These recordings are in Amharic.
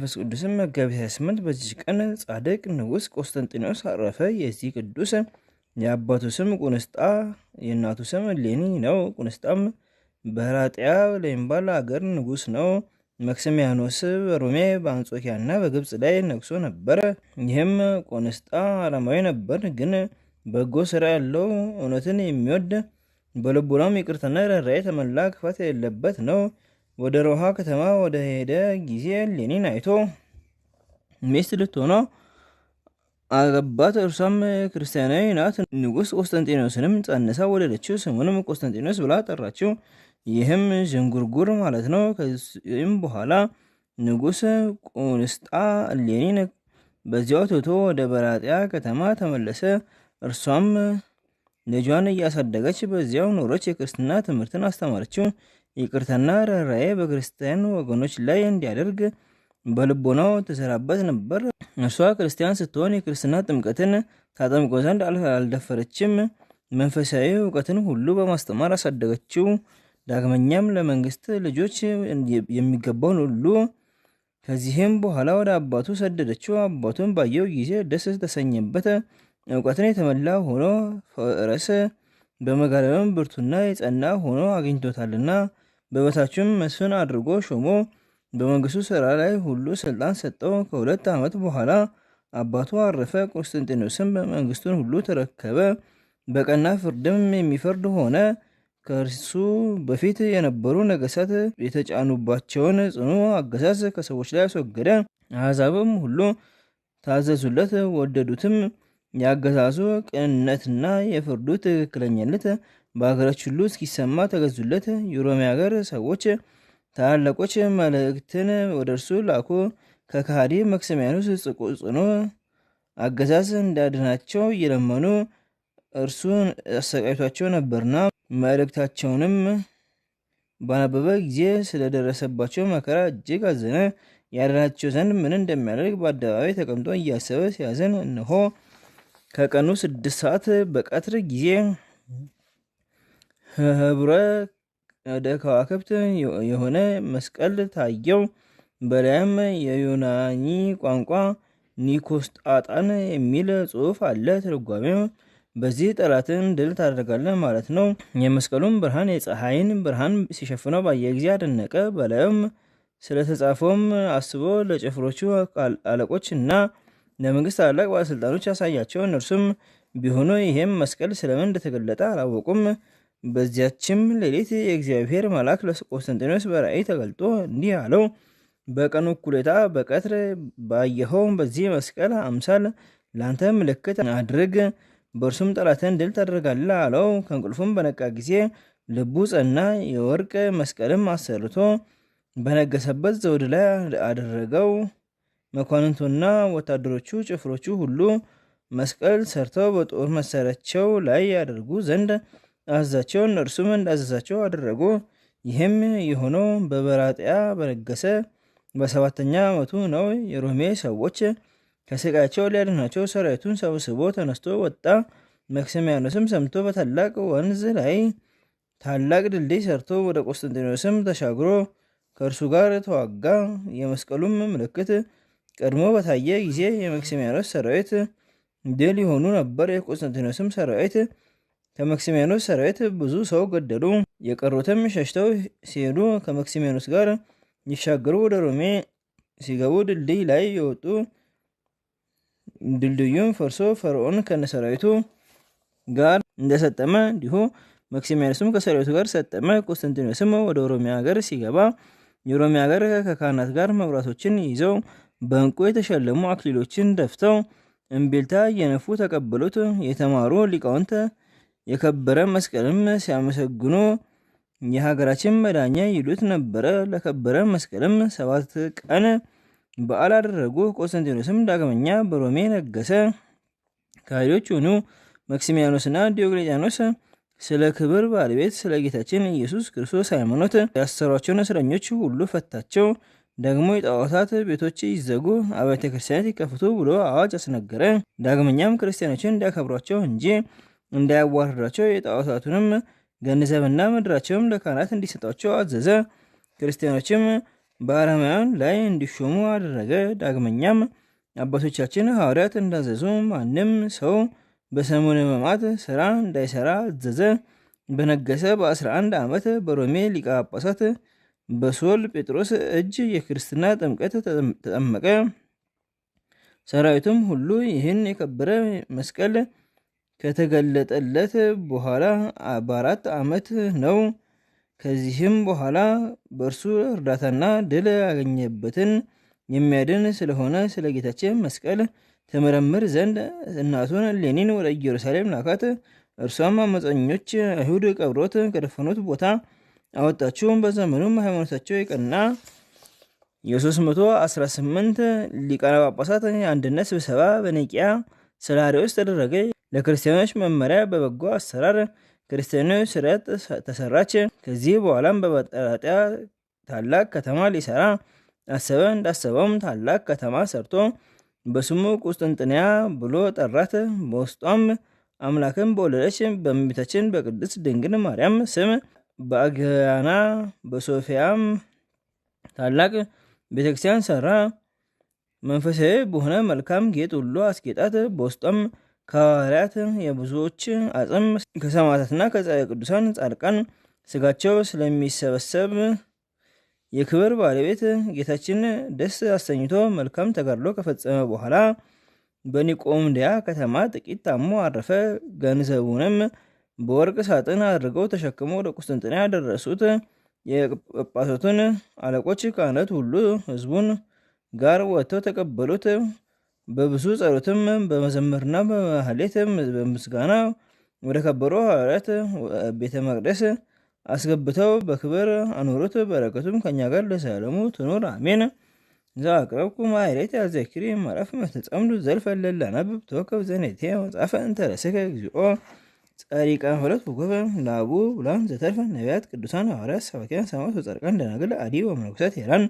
መንፈስ ቅዱስን መጋቢት 28 በዚች ቀን ጻድቅ ንጉሥ ቆስተንጢኖስ አረፈ። የዚህ ቅዱስ የአባቱ ስም ቁንስጣ የእናቱ ስም ሌኒ ነው። ቁንስጣም በራጢያ ለሚባል አገር ንጉሥ ነው። መክስሚያኖስ በሮሜ በአንጾኪያና በግብፅ ላይ ነግሶ ነበር። ይህም ቆንስጣ አላማዊ ነበር፣ ግን በጎ ስራ ያለው እውነትን የሚወድ በልቡናም ይቅርታና ርኅራኄ የተሞላ ክፋት የሌለበት ነው። ወደ ሮሃ ከተማ ወደ ሄደ ጊዜ ሌኒን አይቶ ሚስት ልትሆነ አገባት። እርሷም ክርስቲያናዊ ናት። ንጉሥ ቆስጠንጢኖስንም ጸንሳ ወለደችው። ስሙንም ቆስጠንጢኖስ ብላ ጠራችው። ይህም ዝንጉርጉር ማለት ነው። ከዚህም በኋላ ንጉሥ ቁንስጣ ሌኒን በዚያው ትቶ ወደ በራጢያ ከተማ ተመለሰ። እርሷም ልጇን እያሳደገች በዚያው ኖሮች የክርስትና ትምህርትን አስተማረችው። ይቅርታና ርኅራኄ በክርስቲያን ወገኖች ላይ እንዲያደርግ በልቦናው ተሰራበት ነበር። እርሷ ክርስቲያን ስትሆን የክርስትና ጥምቀትን ታጠምቆ ዘንድ አልደፈረችም። መንፈሳዊ እውቀትን ሁሉ በማስተማር አሳደገችው። ዳግመኛም ለመንግስት ልጆች የሚገባውን ሁሉ ከዚህም በኋላ ወደ አባቱ ሰደደችው። አባቱን ባየው ጊዜ ደስ ተሰኘበት። እውቀትን የተመላ ሆኖ ፈረስ በመጋለብም ብርቱና የጸና ሆኖ አግኝቶታልና በበታችም መስፍን አድርጎ ሾሞ በመንግስቱ ስራ ላይ ሁሉ ስልጣን ሰጠው። ከሁለት ዓመት በኋላ አባቱ አረፈ። ቆስጠንጢኖስም መንግስቱን ሁሉ ተረከበ። በቀና ፍርድም የሚፈርድ ሆነ። ከእርሱ በፊት የነበሩ ነገስታት የተጫኑባቸውን ጽኑ አገዛዝ ከሰዎች ላይ አስወገደ። አሕዛብም ሁሉ ታዘዙለት፣ ወደዱትም። የአገዛዙ ቅንነትና የፍርዱ ትክክለኛነት በሀገራች ሁሉ እስኪሰማ ተገዙለት። የኦሮሚ ሀገር ሰዎች ታላላቆች መልእክትን ወደ እርሱ ላኩ። ከካሃዲ መክሰሚያኑስ ጽኑ አገዛዝ እንዳድናቸው እየለመኑ እርሱ አሰቃይቷቸው ነበርና። መልእክታቸውንም ባነበበ ጊዜ ስለደረሰባቸው መከራ እጅግ አዘነ። ያድናቸው ዘንድ ምን እንደሚያደርግ በአደባባይ ተቀምጦ እያሰበ ሲያዝን፣ እነሆ ከቀኑ ስድስት ሰዓት በቀትር ጊዜ ከህብረ ወደ ከዋክብት የሆነ መስቀል ታየው። በላይም የዩናኒ ቋንቋ ኒኮስጣጣን የሚል ጽሑፍ አለ። ትርጓሜው በዚህ ጠላትን ድል ታደርጋለህ ማለት ነው። የመስቀሉን ብርሃን የፀሐይን ብርሃን ሲሸፍነው ባየ ጊዜ አደነቀ። በላዩም ስለተጻፈውም አስቦ ለጭፍሮቹ አለቆች እና ለመንግስት ታላላቅ ባለስልጣኖች ያሳያቸው። እነርሱም ቢሆኑ ይህም መስቀል ስለምን እንደተገለጠ አላወቁም። በዚያችም ሌሊት የእግዚአብሔር መልአክ ለቆስጠንጢኖስ በራእይ ተገልጦ እንዲህ አለው፣ በቀኑ እኩሌታ በቀትር ባየኸው በዚህ መስቀል አምሳል ለአንተ ምልክት አድርግ፣ በእርሱም ጠላትን ድል ታደርጋለህ አለው። ከእንቅልፉም በነቃ ጊዜ ልቡ ጸና። የወርቅ መስቀልም አሰርቶ በነገሰበት ዘውድ ላይ አደረገው። መኳንንቱና ወታደሮቹ ጭፍሮቹ ሁሉ መስቀል ሰርተው በጦር መሳሪያቸው ላይ ያደርጉ ዘንድ አዘዛቸውን እርሱም እንዳዘዛቸው አደረጉ። ይህም የሆነው በበራጥያ በነገሰ በሰባተኛ ዓመቱ ነው። የሮሜ ሰዎች ከስቃያቸው ሊያድናቸው ሰራዊቱን ሰብስቦ ተነስቶ ወጣ። መክሰሚያኖስም ሰምቶ በታላቅ ወንዝ ላይ ታላቅ ድልድይ ሰርቶ ወደ ቆስጠንጢኖስም ተሻግሮ ከእርሱ ጋር ተዋጋ። የመስቀሉም ምልክት ቀድሞ በታየ ጊዜ የመክሰሚያኖስ ሰራዊት ድል የሆኑ ነበር። የቆስጠንጢኖስም ሰራዊት ከመክሲሜኖስ ሰራዊት ብዙ ሰው ገደሉ። የቀሩትም ሸሽተው ሲሄዱ ከመክሲሜኖስ ጋር ይሻገሩ ወደ ሮሜ ሲገቡ ድልድይ ላይ የወጡ ድልድዩም ፈርሶ ፈርዖን ከነሰራዊቱ ጋር እንደሰጠመ እንዲሁ መክሲሚያኖስም ከሰራዊቱ ጋር ሰጠመ። ቆስተንቲኖስም ወደ ኦሮሚያ ሀገር ሲገባ የኦሮሚያ ሀገር ከካህናት ጋር መብራቶችን ይዘው በእንቁ የተሸለሙ አክሊሎችን ደፍተው እምቢልታ እየነፉ ተቀበሉት። የተማሩ ሊቃውንት የከበረ መስቀልም ሲያመሰግኑ የሀገራችን መዳኛ ይሉት ነበረ። ለከበረ መስቀልም ሰባት ቀን በዓል አደረጉ። ቆንስታንቲኖስም ዳግመኛ በሮሜ ነገሰ። ከሃዲዎች ሆኑ መክሲሚያኖስና ዲዮቅሌጫኖስ ስለ ክብር ባለቤት ስለ ጌታችን ኢየሱስ ክርስቶስ ሃይማኖት ያሰሯቸውን እስረኞች ሁሉ ፈታቸው። ደግሞ የጣዖታት ቤቶች ይዘጉ፣ አብያተ ክርስቲያናት ይከፍቱ ብሎ አዋጅ አስነገረ። ዳግመኛም ክርስቲያኖችን እንዲያከብሯቸው እንጂ እንዳያዋርዳቸው የጣዖታቱንም ገንዘብና ምድራቸውም ለካህናት እንዲሰጧቸው አዘዘ። ክርስቲያኖችም በአረማውያን ላይ እንዲሾሙ አደረገ። ዳግመኛም አባቶቻችን ሐዋርያት እንዳዘዙ ማንም ሰው በሰሙነ ሕማማት ስራ እንዳይሰራ አዘዘ። በነገሰ በ11 ዓመት በሮሜ ሊቀ ጳጳሳት በሶል ጴጥሮስ እጅ የክርስትና ጥምቀት ተጠመቀ። ሰራዊቱም ሁሉ ይህን የከበረ መስቀል ከተገለጠለት በኋላ በአራት ዓመት ነው። ከዚህም በኋላ በእርሱ እርዳታና ድል ያገኘበትን የሚያድን ስለሆነ ስለ ጌታችን መስቀል ተመረምር ዘንድ እናቱን ሌኒን ወደ ኢየሩሳሌም ላካት። እርሷም አመፀኞች አይሁድ ቀብሮት ከደፈኑት ቦታ አወጣችው። በዘመኑም ሃይማኖታቸው የቀና የ318 ሊቃነ ጳጳሳት የአንድነት ስብሰባ በኒቅያ ስለ አርዮስ ተደረገ። ለክርስቲያኖች መመሪያ በበጎ አሰራር ክርስቲያኖ ስራ ተሰራች። ከዚህ በኋላም በመጠራጠያ ታላቅ ከተማ ሊሰራ አሰበ። እንዳሰበውም ታላቅ ከተማ ሰርቶ በስሙ ቁስጥንጥንያ ብሎ ጠራት። በውስጧም አምላክን በወለደች በእመቤታችን በቅድስት ድንግል ማርያም ስም በአግያና በሶፊያም ታላቅ ቤተክርስቲያን ሰራ። መንፈሳዊ በሆነ መልካም ጌጥ ሁሉ አስጌጣት። በውስጧም ከሐዋርያት የብዙዎች አጽም ከሰማዕታትና ቅዱሳን ጻድቃን ስጋቸው ስለሚሰበሰብ የክብር ባለቤት ጌታችን ደስ አሰኝቶ መልካም ተጋድሎ ከፈጸመ በኋላ በኒቆምዲያ ከተማ ጥቂት ታሞ አረፈ። ገንዘቡንም በወርቅ ሳጥን አድርገው ተሸክሞ ወደ ቁስጥንጥንያ ያደረሱት የጳጳሳቱን አለቆች፣ ካህናት ሁሉ ህዝቡን ጋር ወጥተው ተቀበሉት። በብዙ ጸሎትም በመዘመርና በማህሌት በምስጋና ወደ ከበሩ ሐዋርያት ቤተ መቅደስ አስገብተው በክብር አኖሩት። በረከቱም ከኛ ጋር ለዘላለሙ ትኑር አሜን። እዛ አቅረብኩ ማህሌት ያዘኪሪ ማረፍ መተጸምዱ ዘልፈ ለላናብብ ተወከብ ዘኔቴ መጻፈ እንተረስከ እግዚኦ ጸሪቃን ሁለት ውክብ ላቡ ብላን ዘተርፈ ነቢያት ቅዱሳን ሐዋርያት ሰባኪያን ሰማት ወጸድቃን ደናግል አዲ ወመነኮሳት ሄራን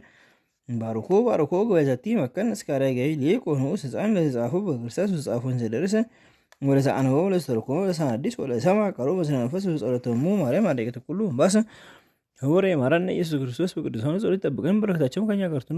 ባርኮ ባርኮ ገዛቲ መከን እስካረጋይ ሊቅ ሆኖ ህፃን ለተጻፉ በክርስቶስ መጽሐፉን ዘደርሰ ወደ ሰአንበው ለስተርኮ ለሳናዲስ ወደ ሰማቀሮ በስነመንፈስ ጸሎተሙ ማርያም አደገ ኩሉ ባሰ ህወሬ ማራነ ኢየሱስ ክርስቶስ በቅዱሳኑ ጸሎት ይጠብቀን። በረከታቸውም ከኛ ጋር ትኑር።